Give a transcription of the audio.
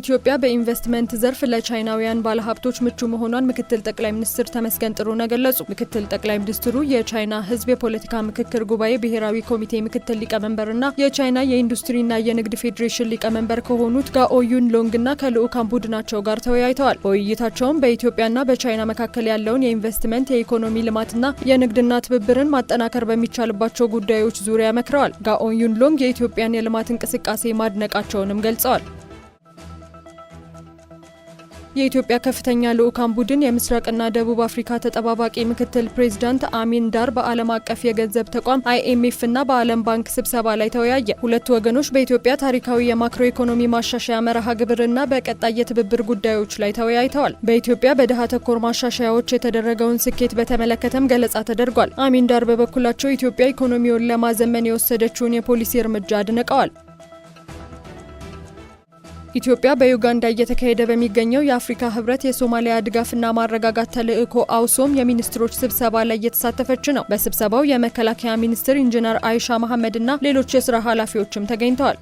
ኢትዮጵያ በኢንቨስትመንት ዘርፍ ለቻይናውያን ባለሀብቶች ምቹ መሆኗን ምክትል ጠቅላይ ሚኒስትር ተመስገን ጥሩነህ ገለጹ። ምክትል ጠቅላይ ሚኒስትሩ የቻይና ሕዝብ የፖለቲካ ምክክር ጉባኤ ብሔራዊ ኮሚቴ ምክትል ሊቀመንበርና የቻይና የኢንዱስትሪና የንግድ ፌዴሬሽን ሊቀመንበር ከሆኑት ጋኦዩን ዩን ሎንግና ከልዑካን ቡድናቸው ጋር ተወያይተዋል። በውይይታቸውም በኢትዮጵያና በቻይና መካከል ያለውን የኢንቨስትመንት የኢኮኖሚ ልማትና የንግድና ትብብርን ማጠናከር በሚቻልባቸው ጉዳዮች ዙሪያ መክረዋል። ጋኦ ሎንግ የኢትዮጵያን የልማት እንቅስቃሴ ማድነቃቸውንም ገልጸዋል። የኢትዮጵያ ከፍተኛ ልዑካን ቡድን የምስራቅና ደቡብ አፍሪካ ተጠባባቂ ምክትል ፕሬዚዳንት አሚን ዳር በዓለም አቀፍ የገንዘብ ተቋም አይኤምኤፍ እና በዓለም ባንክ ስብሰባ ላይ ተወያየ። ሁለቱ ወገኖች በኢትዮጵያ ታሪካዊ የማክሮ ኢኮኖሚ ማሻሻያ መርሃ ግብርና በቀጣይ የትብብር ጉዳዮች ላይ ተወያይተዋል። በኢትዮጵያ በድሃ ተኮር ማሻሻያዎች የተደረገውን ስኬት በተመለከተም ገለጻ ተደርጓል። አሚን ዳር በበኩላቸው ኢትዮጵያ ኢኮኖሚውን ለማዘመን የወሰደችውን የፖሊሲ እርምጃ አድንቀዋል። ኢትዮጵያ በዩጋንዳ እየተካሄደ በሚገኘው የአፍሪካ ህብረት የሶማሊያ ድጋፍና ማረጋጋት ተልዕኮ አውሶም የሚኒስትሮች ስብሰባ ላይ እየተሳተፈች ነው። በስብሰባው የመከላከያ ሚኒስትር ኢንጂነር አይሻ መሐመድ እና ሌሎች የስራ ኃላፊዎችም ተገኝተዋል።